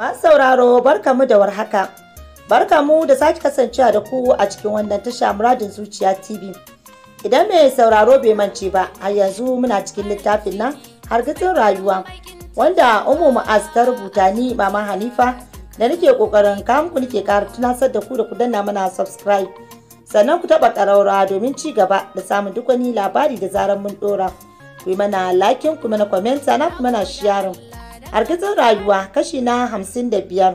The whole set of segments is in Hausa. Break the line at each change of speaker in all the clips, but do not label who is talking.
Masu sauraro barka mu da warhaka. Barka mu da sake kasancewa da ku a cikin wannan tasha muradin zuciya TV. Idan mai sauraro bai mance ba, har yanzu muna cikin littafin nan hargitsin rayuwa wanda Umu Mu'az ta rubuta ni Mama Hanifa da nake kokarin kamun ku nake kara tunasar da ku da ku danna mana subscribe. Sannan ku taɓa ƙaraura domin ci gaba da samun duk wani labari da zarar mun ɗora. Ku yi mana lakinku, ku mana kwamenta na, ku mana sharing. hargitsin rayuwa kashi na hamsin da biyar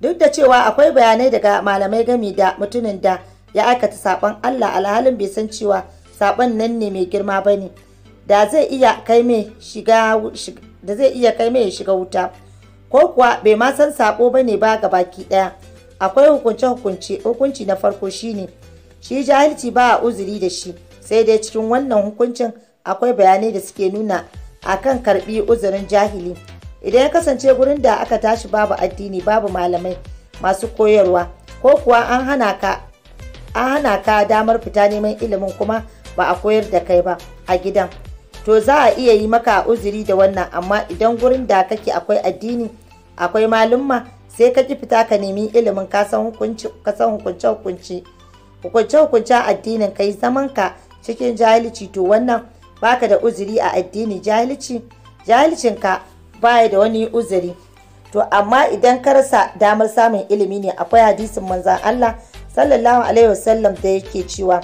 duk da cewa akwai bayanai daga malamai gami da mutumin da ya aikata saɓon allah alhalin bai san cewa saɓon nan ne mai girma ba ne da zai iya kai mai shiga wuta ko kuwa bai ma san sabo ba ne ba ga baki ɗaya akwai hukunce hukunci hukunci na farko shine shi jahilci ba a uzuri da shi sai dai cikin wannan hukuncin akwai bayanai da suke nuna a kan karbi uzurin jahili idan ya kasance gurin da aka tashi babu addini babu malamai masu koyarwa ko kuwa an hana ka damar fita neman ilimin kuma ba a koyar da kai ba a gidan to za a iya yi maka uzuri da wannan amma idan gurin da kake akwai addini akwai malumma sai ka ki fita ka nemi ilimin kasan hukunce hukunce hukunce hukunce addinin kai zaman ka cikin jahilci to wannan baka da uzuri a addini jahilci jahilcinka baya da wani uzuri to amma idan ka rasa damar samun ilimi ne akwai hadisin manzan Allah sallallahu alaihi wasallam da yake cewa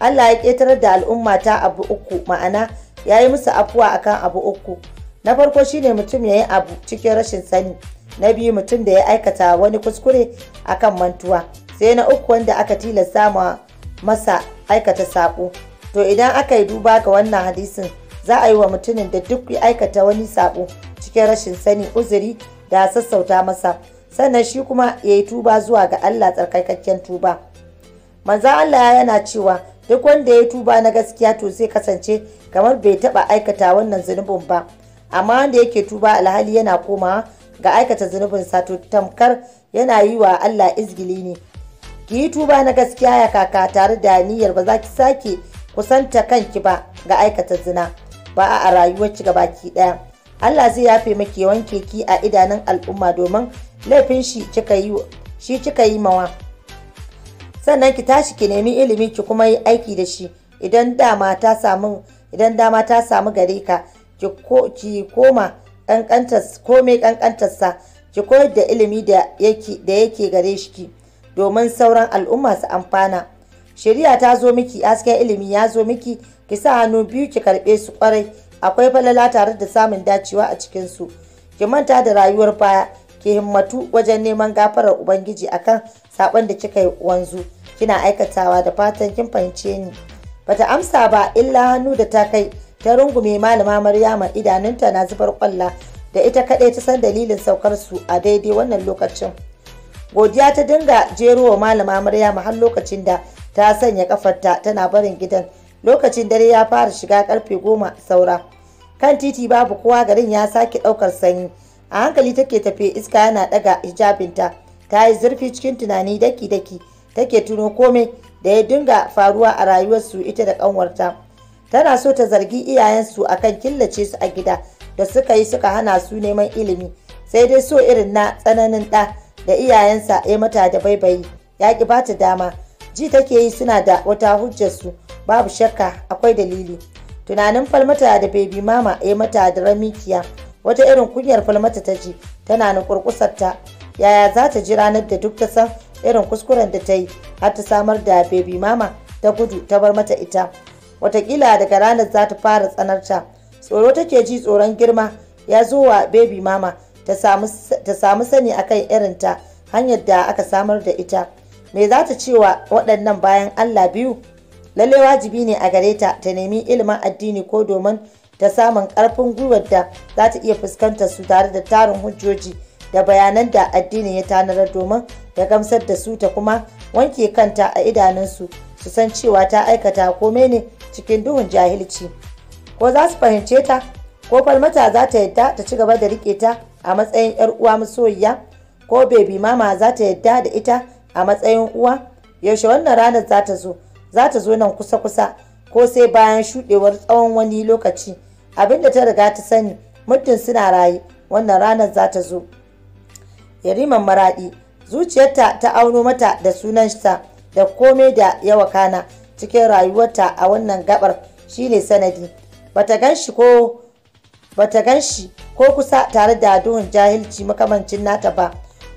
Allah ya ketar da al'umma ta abu uku ma'ana ya yi musu afuwa akan abu uku na farko shine mutum ya yi abu cikin rashin sani na biyu mutum da ya aikata wani kuskure akan mantuwa sai na uku wanda aka tilasta masa aikata saƙo to idan aka yi duba ga wannan hadisin za a yi wa mutumin da duk ya aikata wani sabo cikin rashin sani uzuri da sassauta masa sannan shi kuma ya yi tuba zuwa ga Allah tsarkakakken tuba Maza Allah yana cewa duk wanda ya tuba na gaskiya to zai kasance kamar bai taba aikata wannan zunubin ba amma wanda yake tuba alhali yana komawa ga aikata zunubin sa to tamkar yana yi wa Allah izgili ne ki yi tuba na gaskiya ya kaka tare da niyyar ba za ki sake kusanta kanki ba ga aikata zina ba a rayuwar gaba ki daya Allah zai yafe maki yawan wanke ki a idanun al'umma domin laifin shi kika yi shi kika yi mawa sannan ki tashi ki nemi ilimi ki kuma yi aiki da shi idan dama ta samu idan dama ta samu gare ka ki koma komai ƙanƙantarsa ki koyar da ilimi da yake da yake gare shi domin sauran al'umma su amfana shari'a ta zo miki hasken ilimi ya zo miki ki sa hannu biyu ki karɓe su kwarai akwai falala tare da samun dacewa a cikin su ki manta da rayuwar baya ki himmatu wajen neman gafarar ubangiji akan sabon da kika wanzu kina aikatawa da fatan kin fahimce ni bata amsa ba illa hannu da ta kai ta rungume malama maryama idanunta na zubar kwalla da ita kaɗai ta san dalilin saukar su a daidai wannan lokacin godiya ta dinga jerowa malama maryama har lokacin da ta sanya kafarta tana barin gidan lokacin dare ya fara shiga karfe goma saura kan titi babu kowa garin ya sake ɗaukar sanyi a hankali take tafe iska yana ɗaga hijabinta ta yi zurfi cikin tunani daki-daki take tuno komai da ya dinga faruwa a rayuwarsu ita da ƙanwarta tana so ta zargi iyayensu akan killace su a gida da suka yi suka hana su neman ilimi sai dai so irin na tsananin ɗa da iyayensa ya mata da baibayi ya ki bata dama ji take yi suna da wata hujjarsu babu shakka akwai dalili tunanin falmata da baby mama ya mata da ramikiya wata irin kunyar falmata ta ji tana ƙurƙusar ta yaya za ta ji ranar da duk ta san irin kuskuren da ta yi har ta samar da baby mama ta gudu ta bar mata ita watakila daga ranar za ta fara tsanarta tsoro take ji tsoron girma ya zo wa baby mama ta samu sani akan irinta hanyar da aka samar da ita me za ta ce wa waɗannan bayan Allah biyu lalle wajibi ne a gare ta ta nemi ilimin addini ko domin ta samun ƙarfin gwiwar da za ta iya fuskantar su tare da tarin hujjoji da bayanan da addinin ya tanadar domin ta gamsar da su ta kuma wanke kanta a idanunsu su san cewa ta aikata komai ne cikin duhun jahilci ko za su fahimce ta ko falmata za ta yadda ta ci gaba da riƙe ta a matsayin 'yar uwa masoyiya ko bebi mama za ta yadda da ita a matsayin uwa yaushe wannan ranar za ta zo za ta zo nan kusa-kusa ko sai bayan shuɗewar tsawon wani lokaci abin da ta riga ta sani muddin suna raye wannan ranar za ta zo yariman maraɗi zuciyarta ta auno mata da sunansa da komai da yawa kana cikin rayuwarta a wannan gabar shine sanadi bata gan ko bata gan shi ko kusa tare da duhun jahilci makamancin nata ba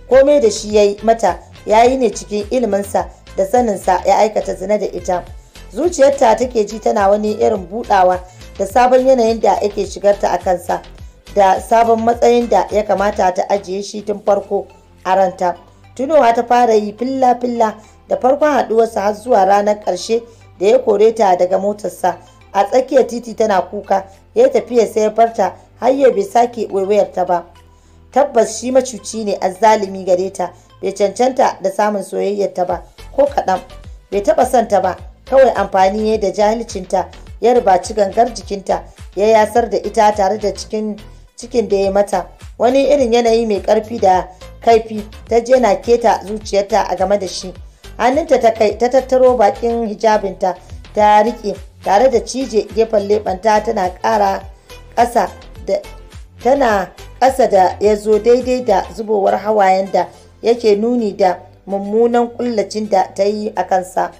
komai da shi yayi mata ya yi ne cikin iliminsa da saninsa ya aikata zina da ita zuciyarta take ji tana wani irin budawa da sabon yanayin da yake shigarta a kansa da sabon matsayin da ya kamata ta ajiye shi tun farko a ranta tunowa ta fara yi filla-filla da farkon haduwarsa har zuwa ranar ƙarshe da ya kore ta daga motarsa a tsakiyar titi tana kuka ya tafiya sai ya farta har yau bai sake waiwayar ta ba tabbas shi macuci ne zalimi gare ta bai cancanta da samun soyayyarta ba ko kaɗan bai taɓa son ta ba kawai amfani ne da jahilcinta ya rubaci gangar jikinta ya yasar da ita tare da cikin da ya mata wani irin yanayi mai ƙarfi da kaifi ta je na keta zuciyarta a game da shi hannunta ta kai ta tattaro bakin hijabinta ta riƙe tare da cije gefen leɓanta tana ƙara ƙasa da ya zo daidai da zubowar hawayen da yake nuni da mummunan kullacin da ta yi a kansa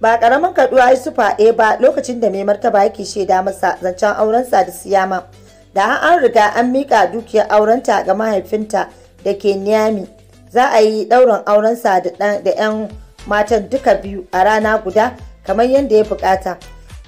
ba karamin kaɗuwa ya sufa ɗaya ba lokacin da mai martaba yake shaida masa zancen aurensa da siyama da an riga an miƙa dukiyar aurenta ga mahaifinta da ke niyami za a yi ɗaurin aurensa da 'yan matan duka biyu a rana guda kamar yadda ya buƙata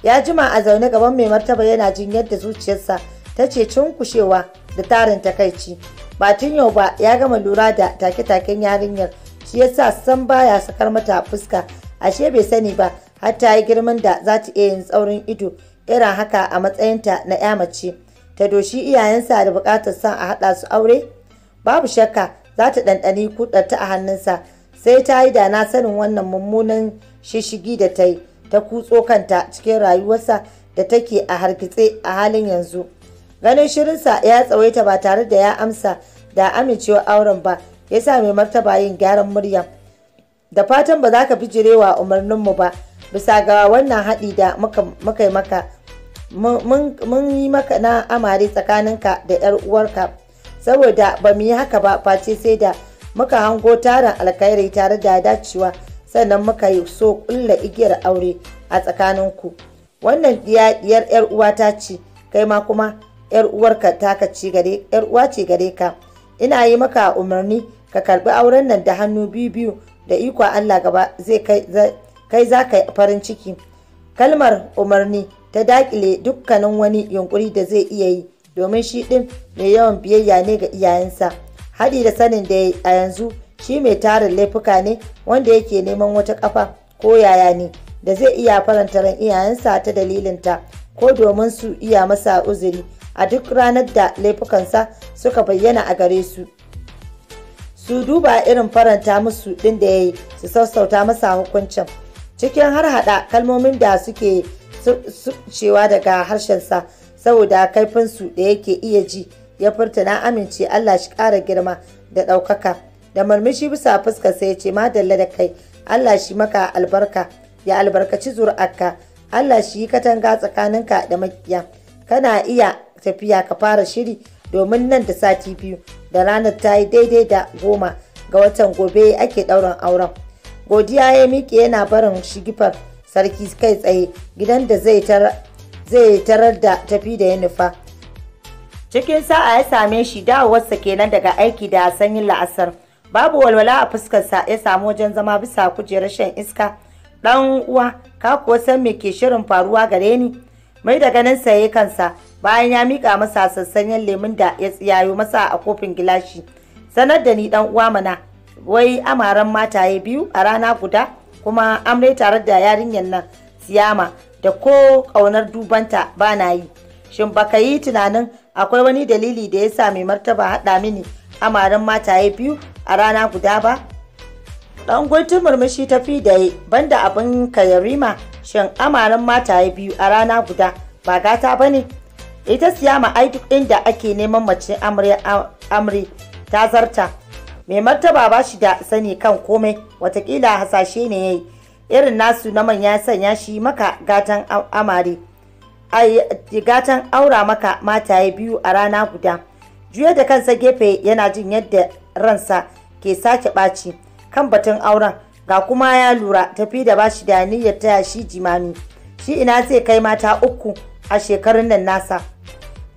ya jima a zaune gaban mai martaba yana jin yadda zuciyarsa ta ce cunkushewa da tarin takaici ba tun yau ba ya gama lura da take-taken yarinyar shi ya yasa san baya sakar mata fuska ashe bai sani ba har ta yi girman da za ta iya yin tsaurin ido irin haka a matsayinta na ya mace ta doshi iyayensa da bukatar san a haɗa su aure babu shakka za ta ɗanɗani ta a hannunsa sai ta yi da na sanin wannan mummunan shishigi da ta yi ta kutso kanta cikin rayuwarsa da take a hargitse a halin yanzu. ganin shirinsa ya tsawaita ba tare da ya amsa da amincewa auren ba ya sa mai martaba yin gyaran murya da fatan ba za ka bijirewa umarninmu ba bisa ga wannan haɗi da muka yi maka mun yi maka na amare tsakaninka da 'yar uwarka saboda ba mu yi haka ba face sai da muka hango tarin alkhairi tare da dacewa sannan muka yi so kulla igiyar aure a tsakaninku wannan diyar 'yar uwa ta ce kai ma kuma yar uwarka taka ci gare yar uwa ce gare ka ina yi maka umarni ka karbi auren nan da hannu biyu biyu da iko Allah gaba zai kai za ka farin ciki kalmar umarni ta dakile dukkanin wani yunkuri da zai iya yi domin shi din mai yawan biyayya ne ga iyayensa hadi da sanin da a yanzu shi mai tarin laifuka ne wanda yake neman wata kafa ko yaya ne da zai iya faranta ran iyayensa ta dalilinta ko domin su iya masa uzuri a duk ranar da laifukansa suka bayyana a gare su su duba irin faranta musu ɗin da ya yi su sassauta masa hukuncin cikin har hada kalmomin da suke cewa daga harshensa saboda kaifinsu da yake iya ji ya furta na amince Allah shi ƙara girma da ɗaukaka da murmushi bisa fuskar sai ya ce madalla da kai Allah shi maka albarka ya albarkaci zuri'arka Allah shi katanga tsakaninka da makiya kana iya tafiya ka fara shiri domin nan da sati biyu da ranar ta yi daidai da goma ga watan gobe ake ɗaurin auren godiya ya miƙe yana barin shigifar sarki kai tsaye gidan da zai tarar da tafi da ya nufa cikin sa'a ya same shi dawowarsa kenan daga aiki da sanyin la'asar babu walwala a fuskarsa ya samu wajen zama bisa kujerar shan iska ɗan uwa ka kuwa san me ke shirin faruwa gare ni mai da ganin saye kansa bayan ya mika masa sassanyen lemun da ya tsiyayo masa a kofin gilashi sanar da ni dan uwa mana wai amaran mataye biyu a rana guda kuma amrai tare da yarinyar nan siyama da ko kaunar dubanta ba na yi shin baka yi tunanin akwai wani dalili da ya sa mai martaba haɗa mini amaran mataye biyu a rana guda ba dan murmushi ta fi da banda abin kayarima shin amaran mataye biyu a rana guda ba gata ba ne ita siyama ai duk inda ake neman mace amre ta zarta mai martaba ba shi da sani kan komai watakila hasashe ne ya yi irin nasu na manya sanya shi maka gatan amare ai gatan aura maka mataye biyu a rana guda juya da kansa gefe yana jin yadda ransa ke sake ɓaci kan batun auren ga kuma ya lura tafi da bashi da niyyar taya shi jimami shi ina zai kai mata uku a shekarun nan nasa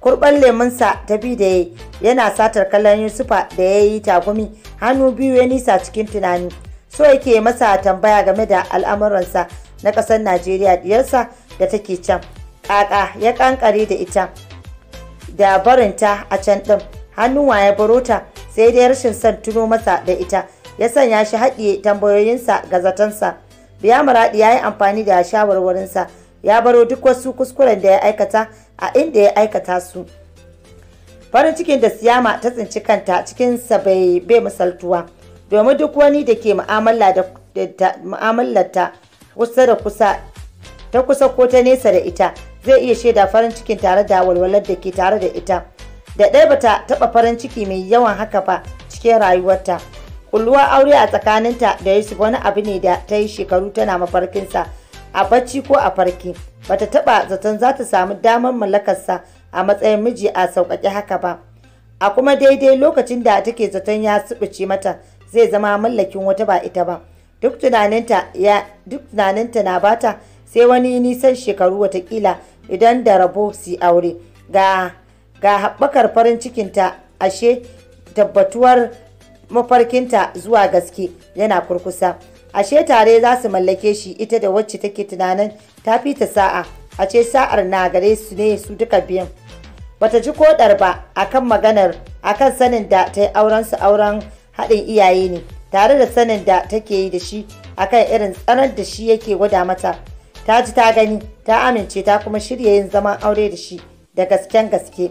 kurban lemunsa tafi da ya yana satar kallon yusufa da ya yi tagumi hannu biyu ya nisa cikin tunani so yake masa tambaya game da al'amuransa na ƙasar najeriya diyarsa da take can ƙaƙa ya ƙanƙare da ita da barinta a can ɗin hannuwa ya baro ta sai dai rashin son tuno masa da ita ya sanya shi haɗiye tambayoyinsa ga zatonsa biya muradi ya yi amfani da shawarwarinsa ya baro duk wasu kuskuren da ya aikata a inda ya aikata su farin cikin da siyama ta tsinci kanta cikinsa bai bai misaltuwa domin duk wani da ke mu'amalarta kusa da kusa ta kusa ko ta nesa da ita zai iya shaida farin cikin tare da walwalar da ke tare da ita da ɗaya bata taɓa farin ciki mai yawan haka ba cikin rayuwarta kulluwar aure a tsakaninta da yusuf wani abu ne da ta yi shekaru tana mafarkinsa a bacci ko a farki bata taba zaton za ta samu damar mallakarsa a matsayin miji a sauƙaƙe haka ba a kuma daidai lokacin da take zaton ya subuce mata zai zama mallakin wata ba ita ba duk tunaninta na bata sai wani nisan shekaru watakila idan da rabo su aure ga ga haɓakar farin cikinta ashe tabbatuwar mafarkinta zuwa gaske yana kurkusa ashe tare za su mallake shi ita da wacce take tunanin ta fita sa'a a ce sa'ar na gare su ne su duka biyan bata ji kodar ba akan maganar akan sanin da ta yi auren su auren haɗin iyaye ne tare da sanin da take yi da shi akan irin tsanar da shi yake gwada mata ta ji ta gani ta amince ta kuma shirya yin zaman aure da shi da gasken gaske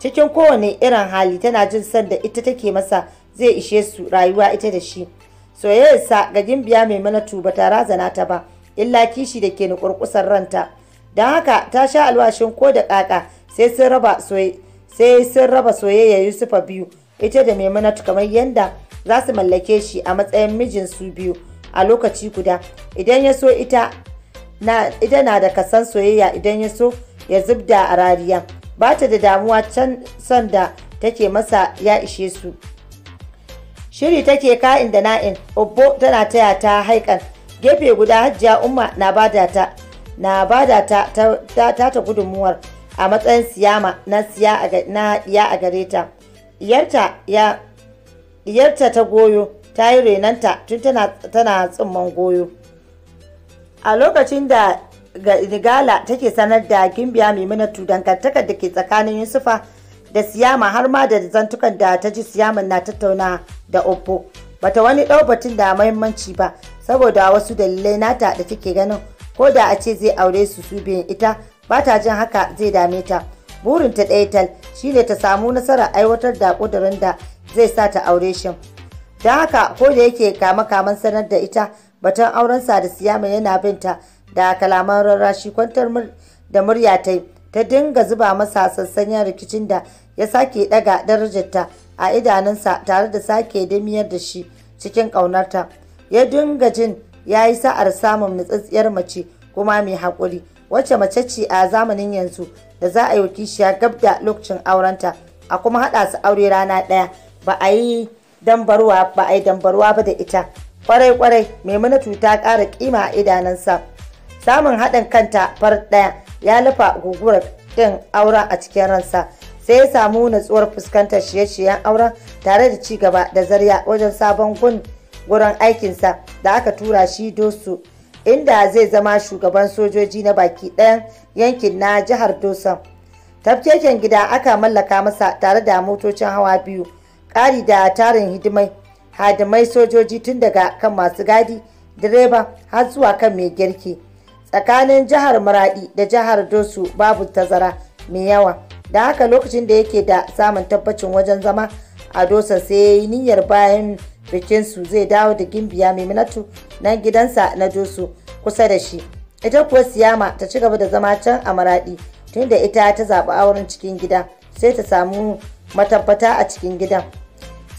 cikin kowane irin hali tana jin son da ita take masa zai ishe su rayuwa ita da shi soyayyarsa ga gimbiya mai mana tuba ta razana ta ba illa kishi da ke nukurkusar ranta don haka ta sha alwashin ko da kaka sai sun raba sai sun raba soyayya yusufa biyu ita da mai maimunatu kamar yadda za su mallake shi a matsayin mijin su biyu a lokaci guda idan ya so ita na ita na da kasan soyayya idan ya so ya zubda a rariya ba ta da damuwa can son da take masa ya ishe su shiri take ka'in da na'in obbo tana taya ta haikan gefe guda hajjiya umma na bada ta na bada ta ta ta gudunmuwar a matsayin siyama na siya a gare ta iyarta ta goyo ta yi renanta tun tana tsumman goyo a lokacin da nigala take sanar da gimbiya minatu dangantakar da ke tsakanin yusufa da siyama har ma da zantukan da ta ji siyaman na tattauna da oppo bata wani ɗau batun da mahimmanci ba saboda wasu dalilai nata da take ganin ko da a ce zai aure su su biyan ita ba ta jin haka zai dame ta burin ta ɗaya tal shine ta samu nasara aiwatar da kudurin da zai sa ta aure shi don haka ko da yake kama kaman sanar da ita batun aurensa da siyama yana binta da kalaman rarrashi kwantar da murya ta yi ta dinga zuba masa sassanyen rikicin da ya sake daga darajarta a idanunsa tare da sake damiyar da shi cikin ƙaunarta ya dinga jin ya yi sa'ar samun nutsatsiyar mace kuma mai haƙuri wacce mace ce a zamanin yanzu da za a yi kishiya gab da lokacin aurenta a kuma haɗa su aure rana ɗaya ba a yi dambarwa ba a yi dambarwa ba da ita kwarai kwarai maimunatu ta ƙara kima a idanunsa samun haɗin kanta far ɗaya ya lafa guguwar din auren a cikin ransa sai ya samu natsuwar fuskantar shiye-shiyen auren tare da ci gaba da zarya wajen sabon gun gurin aikinsa da aka tura shi dosu inda zai zama shugaban sojoji na baki ɗayan yankin na jihar dosan tafkeken gida aka mallaka masa tare da motocin hawa biyu ƙari da tarin hidimai hadimai sojoji tun daga kan masu gadi direba har zuwa kan mai girki tsakanin jihar Maradi da jihar Dosu babu tazara mai yawa. Da haka lokacin da yake da samun tabbacin wajen zama a Dosa sai ya yi niyyar bayan bikinsu zai dawo da gimbiya mai minatu nan gidansa na Dosu kusa da shi. Ita kuwa Siyama ta ci gaba da zama can a Maradi tunda ita ta zaɓi auren cikin gida sai ta samu matabbata a cikin gidan.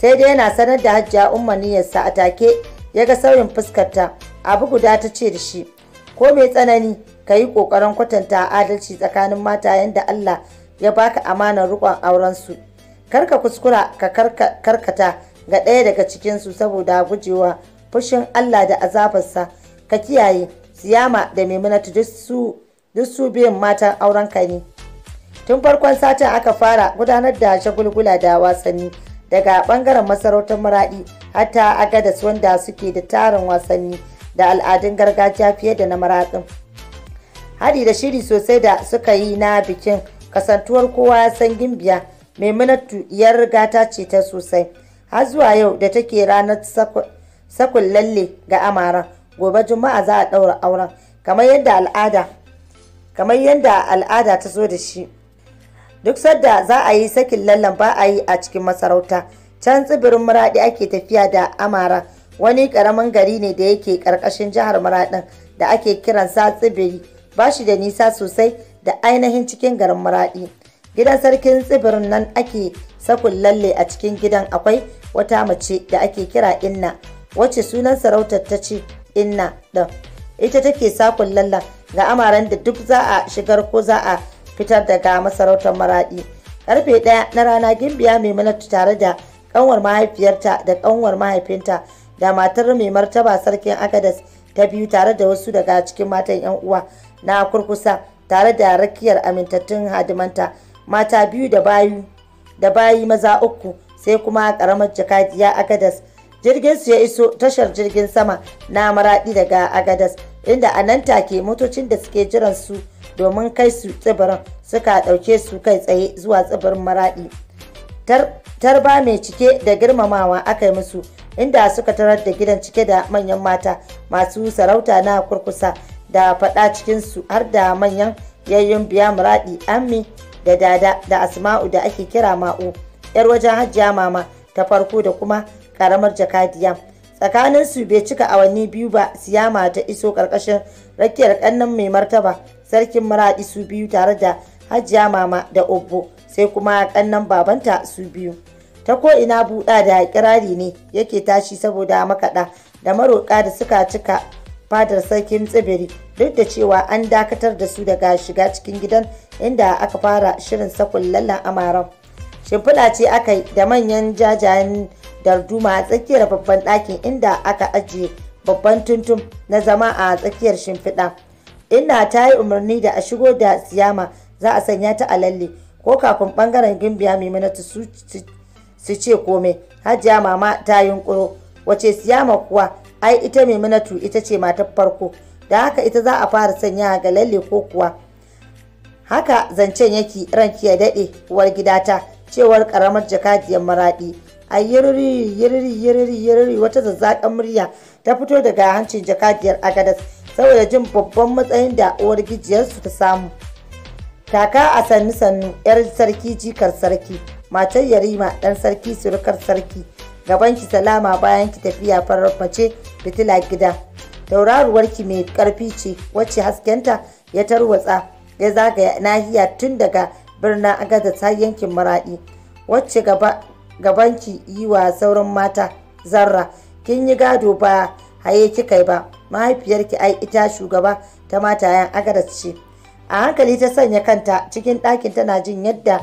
Sai dai yana sanar da Hajjiya Umma niyyarsa a take ya ga sauyin fuskarta abu guda ta ce da shi ko mai tsanani ka yi ƙoƙarin kwatanta adalci tsakanin mata yadda Allah ya baka amanar riƙon aurensu kar ka kuskura ka karkata ga ɗaya daga cikinsu saboda gujewa fushin Allah da azabarsa ka kiyaye siyama da maimunatu duk su biyan matan aurenka ne tun farkon satin aka fara gudanar da shagulgula da wasanni daga bangaren masarautar muradi hatta agadas wanda suke da tarin wasanni da al'adun gargajiya fiye da na maraƙin hadi da shiri sosai da suka yi na bikin kasantuwar kowa ya san gimbiya maimunatu yar rigata ce ta sosai har zuwa yau da take ranar sakun lalle ga amara gobe juma'a za a ɗaura auren kamar yadda al'ada kamar yadda al'ada ta zo da shi duk sadda za a yi sakin lallan ba a yi a cikin masarauta can tsibirin muradi ake tafiya da amara wani karamin gari ne da yake karkashin jihar Maradin da ake kiran sa Tsibiri ba shi da nisa sosai da ainihin cikin garin Maradi. Gidan sarkin tsibirin nan ake sakun lalle a cikin gidan akwai wata mace da ake kira Inna wacce sunan sarautar ta ce Inna ɗin. Ita take sakun lalla ga amaren da duk za a shigar ko za a fitar daga masarautar Maradi. Karfe ɗaya na rana gimbiya mai tare da ƙanwar mahaifiyarta da ƙanwar mahaifinta da matar mai martaba sarkin agadas ta biyu tare da wasu daga cikin matan 'yan uwa na kurkusa tare da rakiyar amintattun hadimanta mata biyu da bayi maza uku sai kuma karamar jakadiya agadas jirgin su ya iso tashar jirgin sama na maradi daga agadas inda a nan take motocin da suke jiran su domin kai su tsibirin suka ɗauke su kai tsaye zuwa tsibirin maradi tarba mai cike da girmamawa aka yi musu inda suka tarar da gidan cike da manyan mata masu sarauta na kurkusa da faɗa cikinsu har da manyan yayyun biya muradi ammi da dada da asma'u da ake kira ma'u yar wajen hajjiya mama ta farko da kuma karamar jakadiya tsakanin su bai cika awanni biyu ba siyama ta iso karkashin rakiyar kannan mai martaba sarkin muradi su biyu tare da hajjiya mama da obbo sai kuma kannan babanta su biyu ta ko ina buɗa da kirari ne yake tashi saboda makaɗa da maroƙa da suka cika fadar sarkin tsibiri duk da cewa an dakatar da su daga shiga cikin gidan inda aka fara shirin sakun lallan amaran shimfiɗa ce aka yi da manyan jajayen darduma a tsakiyar babban ɗakin inda aka ajiye babban tuntum na zama a tsakiyar shimfiɗa ina ta yi umarni da a shigo da siyama za a sanya ta a lalle ko kafin ɓangaren gimbiya maimunatu su su ce komai hajiya mama ta yunkuro wace siyama kuwa ai ita maimunatu ita ce matar farko da haka ita za a fara sanya ga lalle ko kuwa haka zancen yake ranki ya daɗe uwar gidata cewar karamar jakadiyar maraɗi a yiriri yiriri yiriri yiriri wata zazzakan murya ta fito daga hancin jakadiyar agadas saboda jin babban matsayin da uwar gijiyarsu ta samu kaka a sannu sannu yar sarki jikar sarki matar yarima dan sarki surukar sarki gaban ki salama bayan ki tafiya farar mace fitila gida tauraruwarki mai karfi ce wacce haskenta ya tarwatsa ya zagaya nahiya tun daga birnin agada ta yankin maraɗi wacce gabanki yi wa sauran mata zarra kin yi gado ba haye kika ba mahaifiyarki ai ita shugaba ta matayen agadas ce a hankali ta sanya kanta cikin ɗakin tana jin yadda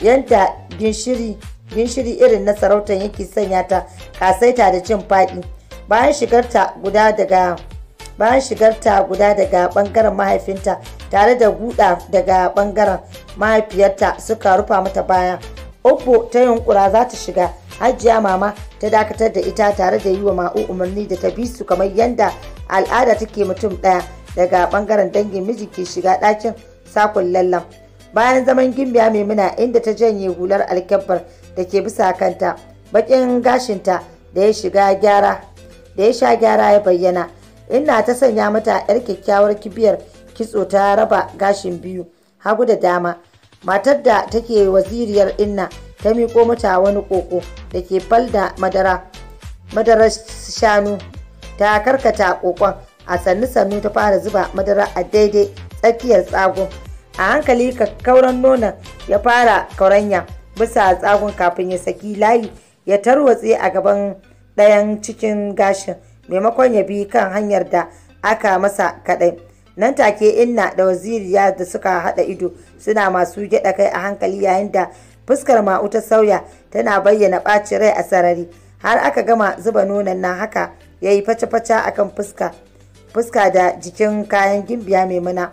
yadda ginshiri irin na sarautar yake sanya ta kasaita da cin faɗi bayan shigarta guda daga bayan shigarta guda daga bangaren mahaifinta tare da guda daga bangaren mahaifiyarta suka rufa mata baya Oppo ta yunkura za ta shiga hajiya mama ta dakatar da ita tare da yi wa ma'u umarni da ta bi su kamar yadda al'ada take mutum daya daga bangaren dangin miji ke shiga ɗakin sakon lallan bayan zaman gimbiya mai muna inda ta janye hular alkyabbar da ke bisa kanta bakin gashinta da ya shiga gyara da ya sha gyara ya bayyana ina ta sanya mata yar kyakkyawar kibiyar kitso ta raba gashin biyu hagu da dama matar da take waziriyar inna ta miƙo mata wani koko da ke falda madara madarar shanu ta karkata kokon a sannu sannu ta fara zuba madara a daidai tsakiyar tsagon. a hankali kauran nonon ya fara kauranya bisa tsagun kafin ya saki layi ya tarwatse a gaban ɗayan cikin gashin maimakon ya bi kan hanyar da aka masa kaɗai nan take inna da waziriya da suka haɗa ido suna masu gyaɗa kai a hankali yayin da fuskar ma'u ta sauya tana bayyana ɓaci rai a sarari har aka gama zuba nonon na haka ya yi fata face akan fuska fuska da jikin kayan gimbiya mai maimuna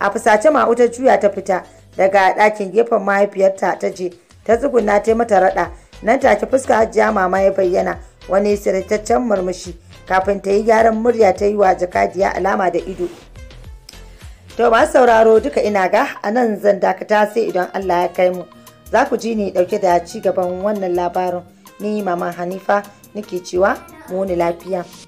a fusace ma ta juya ta fita daga dakin gefen mahaifiyarta ta je ta tsuguna ta mata raɗa nan take fuska hajiya mama ya bayyana wani siritaccen murmushi kafin ta yi gyaran murya ta yi wa jakadiya alama da ido to ba sauraro duka ina ga a nan zan dakata sai idan allah ya kai mu za ku ji ni dauke da ci gaban wannan labarin ni mama hanifa nake cewa mu lafiya